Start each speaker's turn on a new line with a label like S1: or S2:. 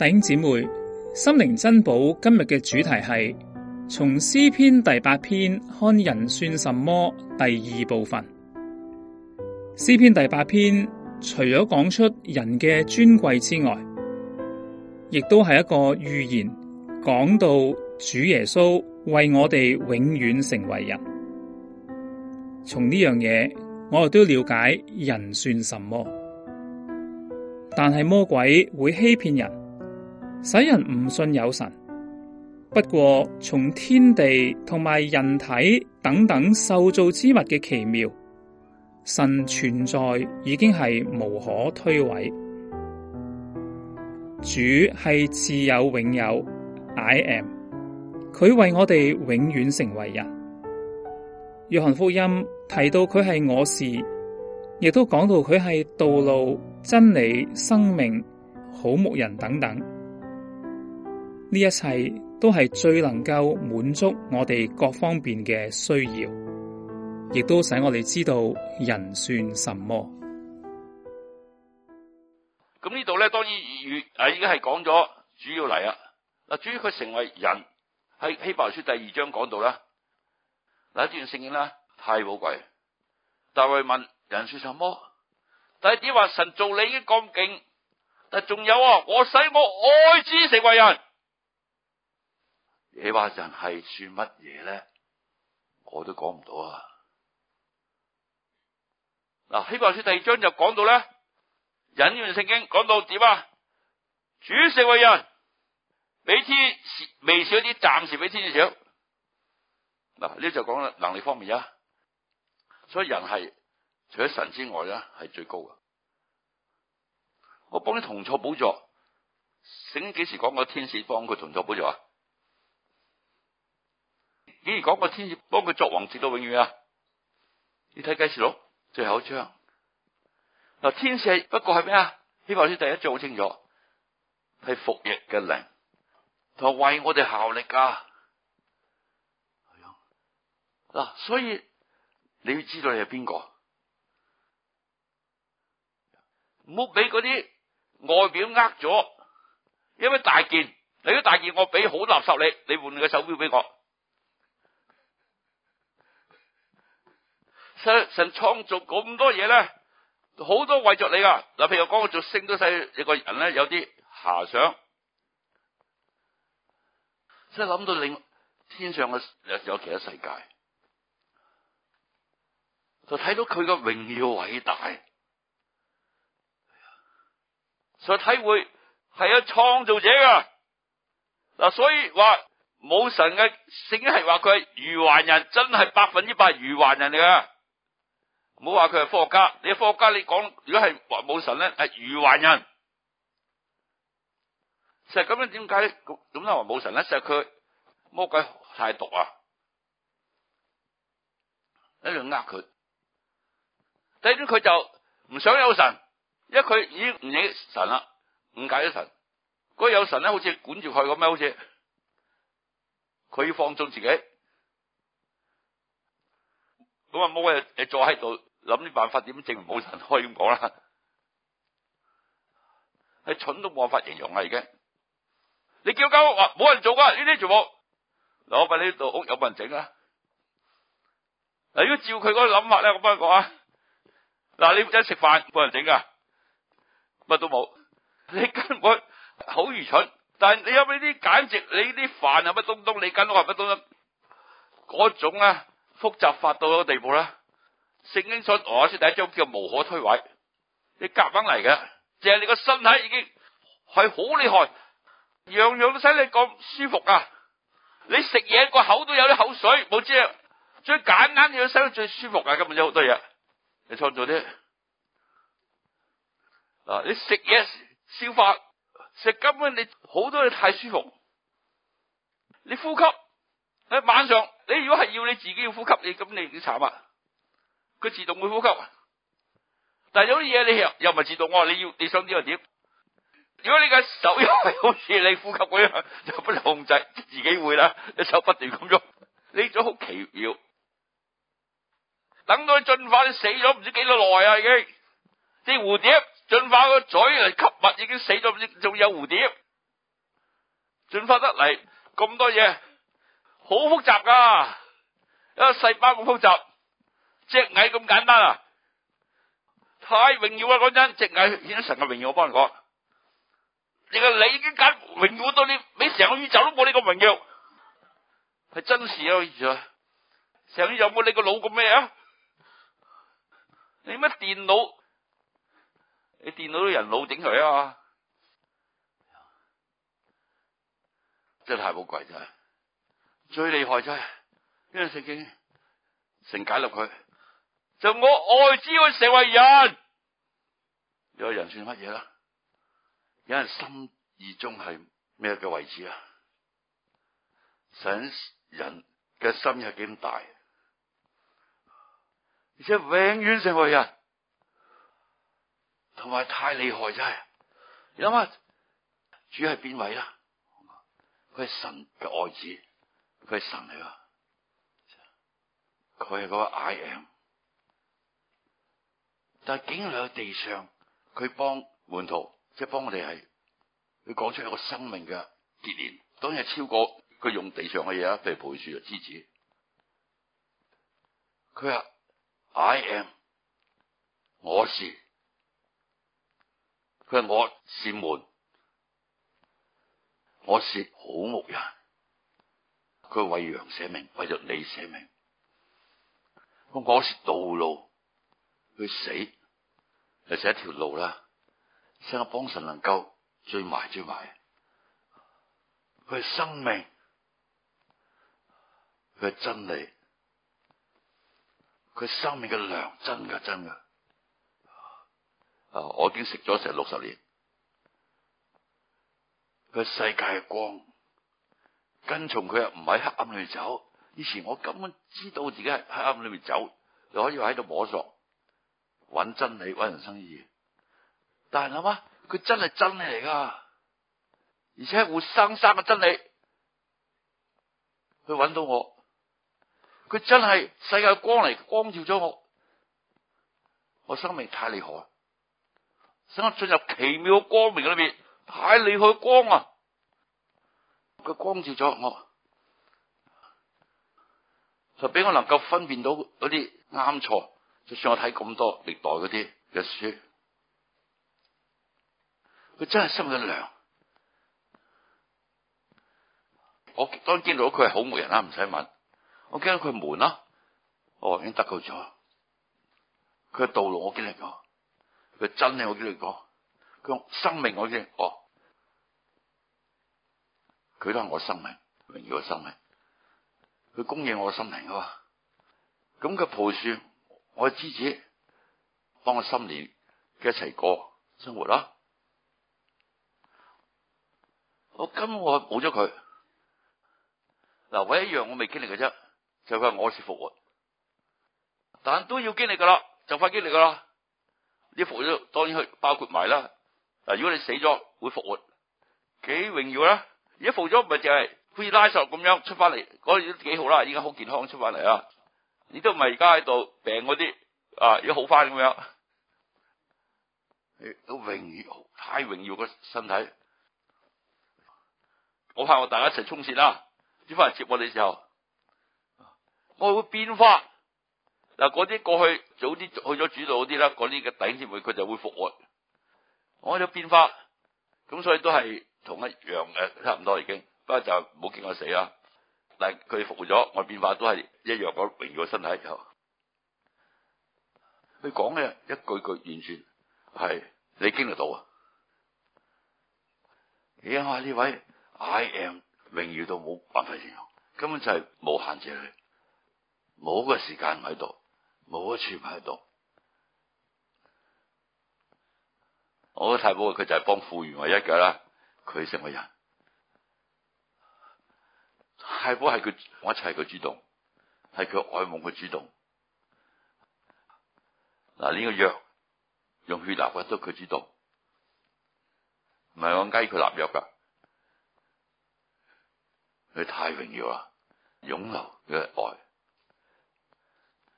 S1: 弟兄姐妹，心靈珍寶今日嘅主題係從詩篇第八篇看人算什麼。第二部分，詩篇第八篇除咗講出人嘅尊貴之外，亦都係一個預言，講到主耶穌為我哋永遠成為人。從呢樣嘢，我哋都了解人算什麼，但係魔鬼會欺騙人。使人唔信有神。不過從天地同埋人體等等受造之物嘅奇妙，神存在已經係無可推諉。主係自有永有，I am。佢為我哋永遠成為人。約翰福音提到佢係我是，亦都講到佢係道路、真理、生命、好牧人等等。呢一切都係最能夠滿足我哋各方面嘅需要，亦都使我哋知道人算什麼。
S2: 咁呢度咧，當然與啊已經係講咗主要嚟啊，嗱，主要佢成為人喺希伯來書第二章講到啦，嗱一段聖經啦，太寶貴。大衛問人算什麼？第二點話神造你已經咁勁，但仲有啊，我使我愛子成為人。你話人係算乜嘢咧？我都講唔到啊！嗱，《希伯來書》第二章就講到咧，引用聖經講到點啊？主成為人，俾天使少啲，暫時俾天使少。嗱，呢就講啦，能力方面啊。所以人係除咗神之外咧，係最高嘅。我幫你同坐寶座，聖經幾時講過天使幫佢同坐寶座啊？竟然講個天使幫佢作王直到永遠啊！你睇《啟示錄》最後一章嗱，天使不過係咩啊？希伯來第一章好清楚，係服役嘅靈，佢為我哋效力啊！嗱，所以你要知道你係邊個，唔好俾嗰啲外表呃咗，因為大件，你啲大件我俾好垃圾你，你換個手表俾我。神創創造咁多嘢咧，好多為着你噶。嗱，譬如講我做星都使一個人咧，有啲遐想，即係諗到令天上嘅，有其他世界，就睇到佢嘅榮耀偉大，所以體會係有創造者噶。嗱，所以話冇神嘅，聖經話佢係愚頑人，真係百分之百愚頑人嚟噶。冇話話佢係科學家，你科學家你講，如果係話冇神咧，係如壞人。其實係咁樣，點解咁樣話話冇神咧？其實佢魔鬼太毒啊！喺度呃佢，第二點佢就唔想有神，因為佢已經唔認神啦，誤解咗、那個、神。嗰有神咧，好似管住佢咁樣，好似佢要放縱自己。咁啊，魔鬼誒坐喺度。諗啲辦法點證明冇人可以咁講啦，係蠢都冇法形容啦，而家你叫間屋，話冇人做㗎，呢啲全部攞我呢度屋有冇人整啊？嗱如果照佢嗰諗法咧，我翻講啊，嗱你一食飯冇人整㗎。乜都冇，你根本好愚蠢。但係你有冇呢啲簡直，你啲飯係乜東東，你間屋係乜東東，嗰種啊複雜法到一個地步啦。聖經信我先第一章叫無可推諉，你夾翻嚟嘅，淨係你個身體已經係好厲害，樣樣都使你咁舒服啊！你食嘢個口都有啲口水，冇知呀？最簡單要使到最舒服啊，根本有好多嘢，你創造啲。你食嘢消化，食根本你好多嘢太舒服，你呼吸，你晚上你如果係要你自己要呼吸，你咁你慘啊！佢自動會呼吸，但係有啲嘢你又又唔係自動。我話你要你想點就點。如果你嘅手又係好似你呼吸咁樣，就不能控制自己會啦。手不斷咁喐，呢種好奇妙。等到佢進化死咗唔知幾多耐啊！已經啲蝴蝶進化個嘴嚟吸物，已經死咗，仲有蝴蝶進化得嚟咁多嘢，好複雜噶，一個細胞咁複雜。隻蟻咁簡單啊！太榮耀啊！嗰陣隻蟻顯神嘅榮耀，我幫人講。你個你已經解榮耀到你，比成個宇宙都冇你個榮耀，係真事啊！宇宙，成宇宙冇你個腦咁咩啊？你乜電腦？你電腦都人腦頂佢啊！真係好貴真，最厲害真，因為聖經成解入佢。就我愛子會成為人，有人算乜嘢啦？有人心意中係咩嘅位置啊？神人嘅心係幾咁大，而且永遠成為人，同埋太厲害真係。有啊，下，主係邊位啦，佢係神嘅愛子，佢係神嚟噶，佢係嗰個 I am。但係竟然喺地上，佢幫門徒，即係幫我哋係，佢講出一個生命嘅結連，當然係超過佢用地上嘅嘢啊，譬如葡萄樹、枝子。佢話：I am，我是。佢話我是門，我是好牧人。佢為羊捨命，為咗你捨命。我我是道路，去死。就係一條路啦，使我幫神能夠追埋追埋。佢係生命，佢係真理，佢係生命嘅良真嘅真嘅。啊，我已經食咗成六十年，佢係世界嘅光，跟從佢又唔喺黑暗裏面走。以前我根本知道自己喺黑暗裏面走，又可以喺度摸索。揾真理，揾人生意義。但係諗下，佢真係真理嚟噶，而且活生生嘅真理。佢揾到我，佢真係世界光嚟，光照咗我，我生命太厲害，想進入奇妙嘅光明裏邊，太厲害光啊！佢光照咗我，就俾我能夠分辨到嗰啲啱錯。就算我睇咁多歷代嗰啲嘅書，佢真係心緊。良。我當見到佢係好無人啦，唔使問。我見到佢悶啦，哦已經得到咗。佢嘅道路我經歷過，佢真理我經歷過，佢生命我經哦，過，佢都係我生命，榮耀嘅生命。佢供應我嘅生命啊！咁佢菩提。我妻子幫我新年嘅一齊過生活啦。我今我冇咗佢，嗱，唯一一樣我未經歷嘅啫，就係、是、我是復活，但都要經歷噶啦，就快經歷噶啦。啲復活當然包括埋啦。嗱，如果你死咗會復活，幾榮耀啦！而家復活咪就係會拉索咁樣出翻嚟，嗰啲幾好啦。而家好健康出翻嚟啊！你都唔係而家喺度病嗰啲啊，要好翻咁樣，你都榮耀太榮耀個身體，我怕我大家一齊衝線啦，啲翻嚟接我哋嘅時候，我會變化。嗱，嗰啲過去早啲去咗主道嗰啲啦，嗰啲嘅弟兄姊妹佢就會復活，我有變化，咁所以都係同一樣嘅差唔多，已經，不過就唔好見我死啦。但佢服咗，我變化都係一樣咁榮耀身體。佢講嘅一句句完全係你經歷到啊！你睇下呢位 I am 榮耀到冇辦法形容，根本就係冇限制。佢，冇個時間喺度，冇一處喺度。我太保佢就係幫富源唯一噶啦，佢成為人。太保係佢，我一切係佢主動，係佢愛慕佢主動。嗱，呢個約用血立約都佢主動，唔係我雞佢立約㗎。佢太榮耀啦，擁留嘅愛。嗯